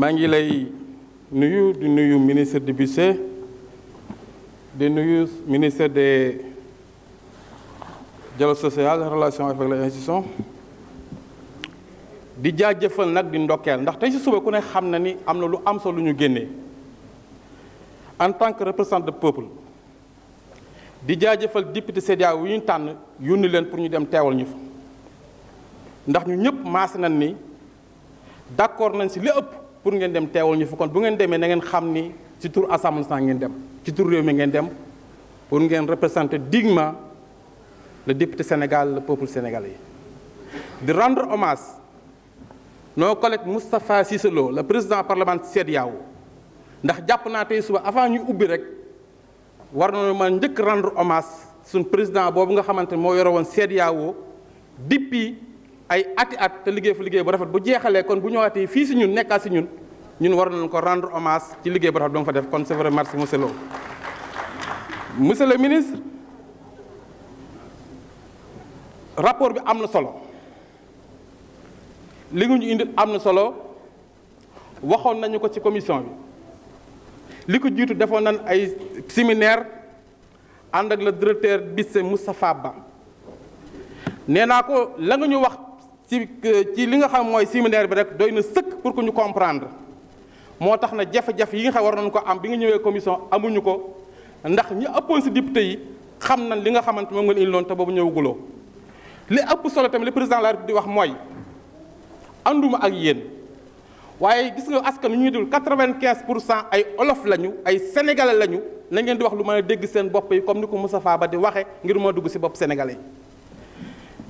maa ngi lay nuyu di nuyu ministre de budget di nuyu ministre des dialogue social relation avec les institutions di jaajëfal nag di ndokkeel ndax tey si suba ku ne xam na ni am na lu am solo lu ñu génnee en tant que représentant de peuple di jaajëfal député CEDEAO yu ñu tànn yónni leen pour ñu dem teewal ñu fa ndax ñu ñëpp maase nañ ni d'accord nañ si li ëpp. pour ngeen dem teewal ñu fa kon bu ngeen demee na xam ni ci tur assemblée nationale ngeen dem ci tur réew mi ngeen dem pour ngeen représenter dignement le député Sénégal le peuple sénégalais di rendre hommage nos collègues Moustapha Cissé Lo le président parlement CEDEAO ndax jàpp naa tey suba avant ñu ubbi rek war nañu man njëkk rendre hommage suñ président boobu nga xamante ne moo yore woon CEDEAO depuis ay ati at te liggéey fa liggéey bu rafet bu jeexalee kon bu ñëwaatee fii si ñun nekkaat si ñun ñun war nañ ko rendre hommage ci liggéey bu rafet ba nga fa def kon c'est vrai merci monsieur ministre rapport bi am na solo li nga ñu indil am na solo waxoon nañu ko ci commission bi li ko jiitu defoon nañ ay siminaire ànd ak la directeur BICES Moustapha Ba nee ko la nga ñu wax ci ci li nga xam mooy séminaire bi rek doy na sëkk pour que ñu comprendre moo tax na jafe-jafe yi nga xam war nañu ko am bi nga ñëwee commission amuñu ko ndax ñu ëppoon si député yi xam na li nga xamante moom ngeen indi loon te boobu ñëwaguloo li ëpp solo tamit li président la République di wax mooy ànduma ak yéen waaye gis nga askan wi ñu dul quatre-vingt-quinze pour cent ay olof lañu ay sénégalais lañu na ngeen di wax lu mën a dégg seen bopp yi comme ni ko Moustapha Ba di waxee ngir moo dugg si bopp sénégalais yi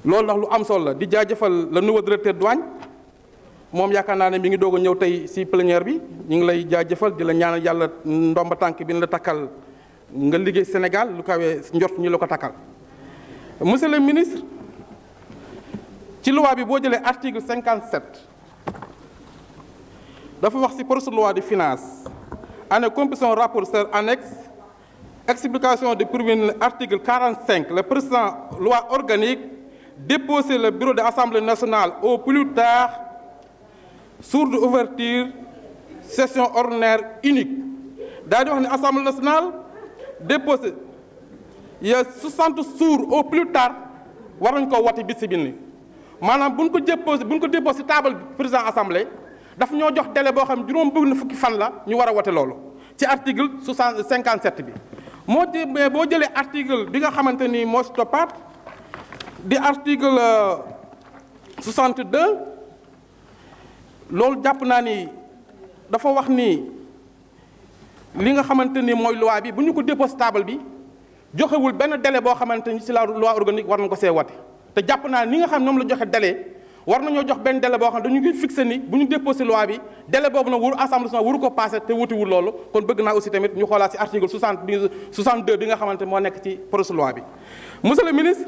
loolu ndax lu am solo la di jaajëfal le nouveau directeur douane moom yaakaar naa ne mi ngi doog a ñëw tey si plenière bi ñu ngi lay jëfal di la ñaan yàlla ndomba tànk bi ñu la takkal nga liggéey Sénégal lu kawee njot ñu la ko takkal monsieur le ministre ci loi bi boo jëlee article 57 dafa wax si projet de loi de finance année composition rapport annexe explication de premier article 45 la président loi organique déposer le bureau de l'Assemblée nationale au plus tard sourde ouverture session ordinaire unique daa di wax ne Assemblée nationale déposé ya 60 sour au plus tard war nañ koo wote bis si biir maanaam bu ñu ko déposé bu ñu ko déposé table président assemblée daf ñoo jox délai boo xam juróom bëgg na fukki fan la ñu war a wote loolu ci article 57 bi moo mais boo jëlee article bi nga xamante ni moo si toppaat di article 62 euh, loolu jàpp naa ni dafa wax ni li nga xamante ni mooy loi bi bu ñu ko dépose table bi joxewul benn délai boo xamante ni ci la loi organique war na ko see wate te jàpp naa ni nga xam ñoom la joxe délai war ñoo jox benn délai boo xam ne dañu ngi fixé ni bu ñu déposé loi bi délai boobu nag wuru assemblée nationale wuru ko passé te wutiwul loolu kon bëgg naa aussi tamit ñu xoolaat ci article 60 62 bi nga xamante moo nekk ci projet loi bi monsieur le ministre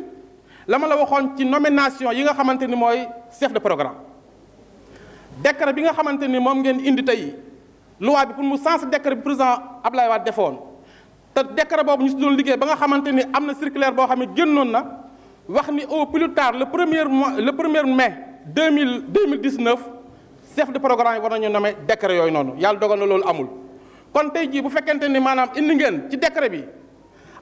la ma la waxoon ci nomination yi nga xamante ni mooy chef de programme décret bi nga xamante ni moom ngeen indi tey loi bi pour mu sens décret bi président Ablaye waa defoon te décret boobu ñu si doon liggéey ba nga xamante ni am na circulaire boo xam ne génnoon na wax ni au plus tard le premier le premier mai deux mille deux mille dix-neuf chef de programme yi war nañu nommer décret yooyu noonu yàlla dogal na loolu amul. kon tey jii bu fekkente ni maanaam indi ngeen ci décret bi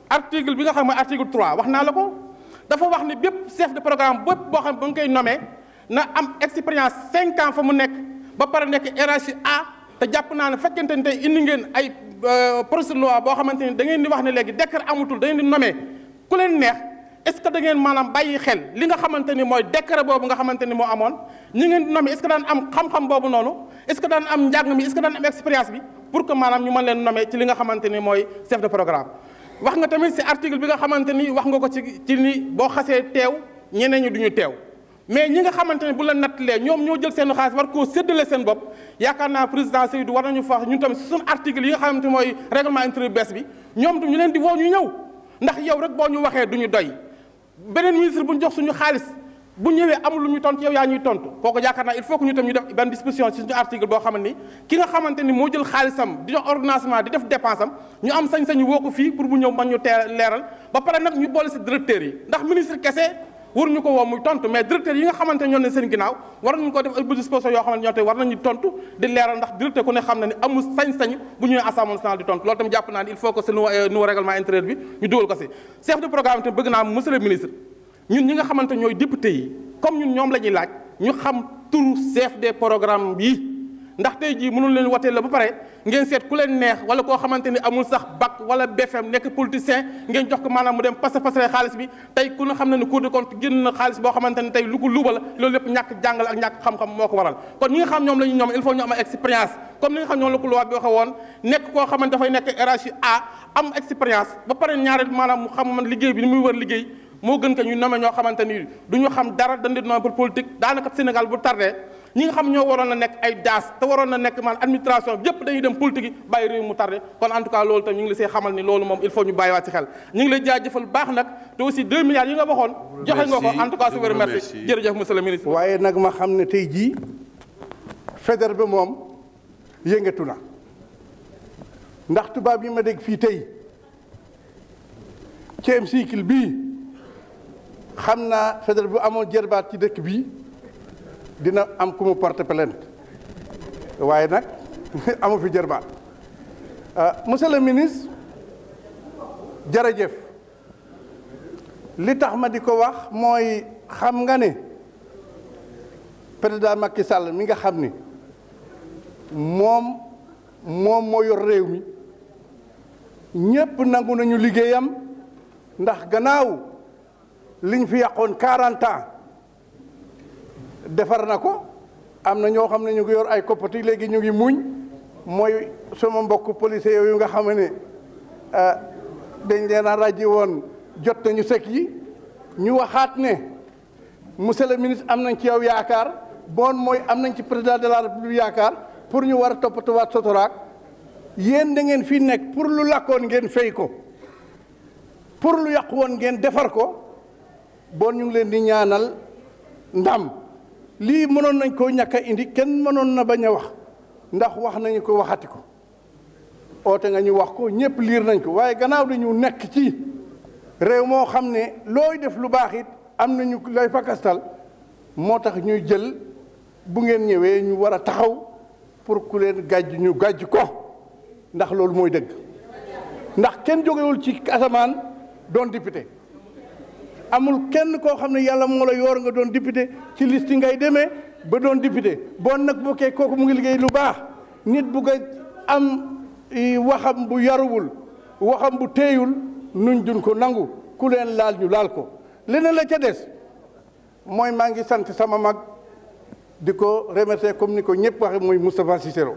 article bi nga xam ne article 3 wax naa la ko. dafa wax ne bépp chef de programme bépp boo xam ba nga koy nomee na am expérience cinq ans fa mu nekk ba pare nekk hiérarchie A te jàpp naa ne fekkente ni tey indi ngeen ay euh, procédure loi boo xamante ni da ngeen di wax ne léegi décret amatul da di nommé ku leen neex est-ce que da ngeen maanaam bàyyi xel li nga xamante ni mooy décret boobu nga xamante ni moo amoon ñi ngeen di nommé est-ce que daan am xam-xam boobu noonu est-ce que daan am njàng mi est-ce leen nommé ci li nga xamante mooy chef de wax nga tamit ci article bi nga xamante ni wax nga ko ci ci ni boo xasee teew ñenee ñi duñu teew mais ñi nga xamante ni bu la nattalee ñoom ñoo jël seen xaalis war koo séddale seen bopp yaakaar naa président Seydou war nañu faax ñun tamit ci suñu article yi nga xamante mooy règlement intérieur bees bi ñoom tam ñu leen di woo ñu ñëw ndax yow rek boo ñu waxee duñu doy beneen ministre bu ñu jox suñu xaalis bu ñëwee amul lu ñu tontu yow yaa ñuy tontu kooku yaakaar naa il faut que ñu tam ñu def benn disposition ci suñu article boo xam ni ki nga xamante ni moo jël xaalisam di jox ordonnancement di def dépense am ñu am sañ-sañu woo ko fii pour bu ñëw ñu teel leeral ba pare nag ñu boole si directeur yi ndax ministre kese war ñu ko woo muy tontu mais directeur yi nga xamante ñoo ne seen ginnaaw war nañu ko def ay disposition yoo xam ne ñoo tey war ne xam na ni amul sañ-sañ bu ñëwee assemblée nationale di tontu loolu tam jàpp naa ni il faut que ce euh, nouveau règlement intérieur bi ñu dugal ko si chef de programme tam bëgg naa monsieur le ministre ñun ñi nga xamante ñooy député yi comme ñun ñoom la ñuy laaj ñu xam turu chef des programmes yi ndax tey jii mënul leen watee la ba pare ngeen seet ku leen neex wala koo xamante ni amul sax bac wala BFM nekk politicien ngeen jox ko maanaam mu dem pasa pasare xaalis bi tey ku ne xam ne ne Cour des comptes génn xaalis boo xamante ne tey lu ko luuba la loolu lépp ñàkk jàngal ak ñàkk xam-xam moo ko waral kon ñi nga xam ñoom la ñu ñoom il faut ñu am expérience comme li nga xam ñoom la ko loi bi waxe woon dafay nekk RH A ba pare ñaareel maanaam mu xam man liggéey bi ni muy war liggéey moo gën que ñu nome ñoo xamante ni du ñu xam dara dañ leen pour politique daanaka Sénégal bu tardé ñi nga xam ñoo waroon na nekk ay daas te waroon na nekk man administration bi yëpp dañuy dem politique yi bàyyi réew mu tardé kon en loolu tam ñu ngi la see xamal ni loolu moom il faut ñu bàyyiwaat ci xel ñu ngi lay jaajëfal baax nag te aussi 2 milliards yi nga waxoon joxe nga ko en tout cas super merci jërëjëf monsieur le ministre waaye nag ma xam ne tey jii fédéral bi moom ndax tubaab yi ma dégg fii tey ci bii xam naa Faidherbe bu amoon jërbaat ci dëkk bi dina am ku mu porte plainte waaye nag amu fi jërbaat euh, monsieur le ministre jërëjëf li tax ma di ko wax mooy xam nga ne président Macky Sall mi nga xam ni moom moom moo yor réew mi ñépp nangu nañu liggéeyam ndax gannaaw liñ fi yàqoon 40 ans defar na ko am na ñoo xam ne ñu ngi yor ay koppati léegi ñu ngi muñ mooy sama mbokk yow yu nga xam ne euh, dañ leen a ràjji woon jot nañu sek yi ñu waxaat ne monsieur le ministre am nañ ci yow yaakaar bon mooy am nañ ci président de la république yaakaar pour ñu war a toppatuwaat sotoraak yéen da ngeen fii nekk pour lu lakkoon ngeen fay ko pour lu yàq woon ngeen defar ko bon ñu ngi leen di ñaanal ndam lii mënoon nañ koo ñàkk indi kenn mënoon na bañ a wax ndax wax nañu ko waxati ko oote nga ñu wax ko ñëpp liir nañ ko waaye gannaaw dañu nekk ci réew moo xam ne looy def lu baax it am nañu lay fakastal moo tax ñuy jël bu ngeen ñëwee ñu war a taxaw pour ku leen gàjj ñu gàjj ko ndax loolu mooy dëgg ndax kenn jógewul ci asamaan doon député amul kenn koo xam ne yàlla moo la yoor nga doon député ci liste ngay demee ba doon député bon nag bu kee kooku mu ngi liggéey lu baax nit bu ko am waxam bu yaruwul waxam bu téeyul nuñ dun ko nangu ku leen laal ñu laal ko leneen la ca des mooy maa ngi sant sama mag di ko remercier comme ni ko ñëpp waxe muy Moustapha Cicero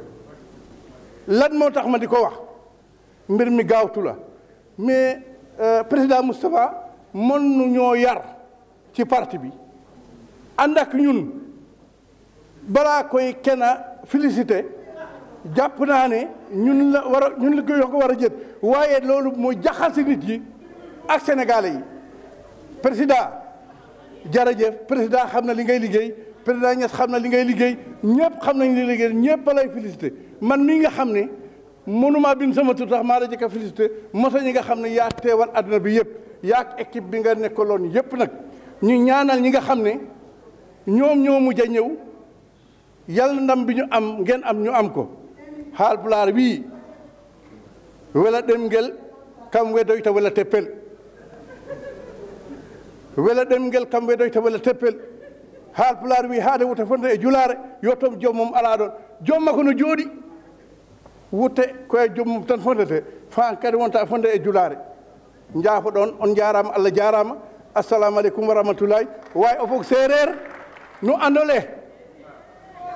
lan moo tax ma di ko wax mbir mi gaawtu la mais euh, président Moustapha mën nu ñoo yar ci parti bi ànd ak ñun balaa koy kenn a félicité jàpp naa ne ñun la war a ñun la ko war a jët waaye loolu mooy jaxase nit yi ak sénégalais yi président jërëjëf président xam na li ngay liggéey président Niass xam na li ngay liggéey ñëpp xam nañ li liggéey ñëpp balay félicité man mii nga xam ne mënumaa bind sama tur tax maa la jëkk a félicité mosa nga xam ne yaa teewal àdduna bi yëpp yaak équipe bi nga nekkaloon yépp nag ñu ñaanal ñi nga xam ne ñoom ñoo mujj a ñëw yàlla ndam bi ñu am ngeen am ñu am ko haalpulaar wii wela ɗemngel kam wedoyta wela teppel wela ɗemngel kam wedoyta wela teppel haalpulaar wii haade wuta fonde e julaare yo tom joomum alaa ɗon joomma ko no jooɗi wutte koye joomum tan fondete faan kadi wonta fonde e julaare jaafoɗon on jarama allah jarama assalamu aleykum wa rahmatullahi way o fof séréer no andole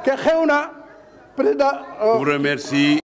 ke xewna président vous euh, remercie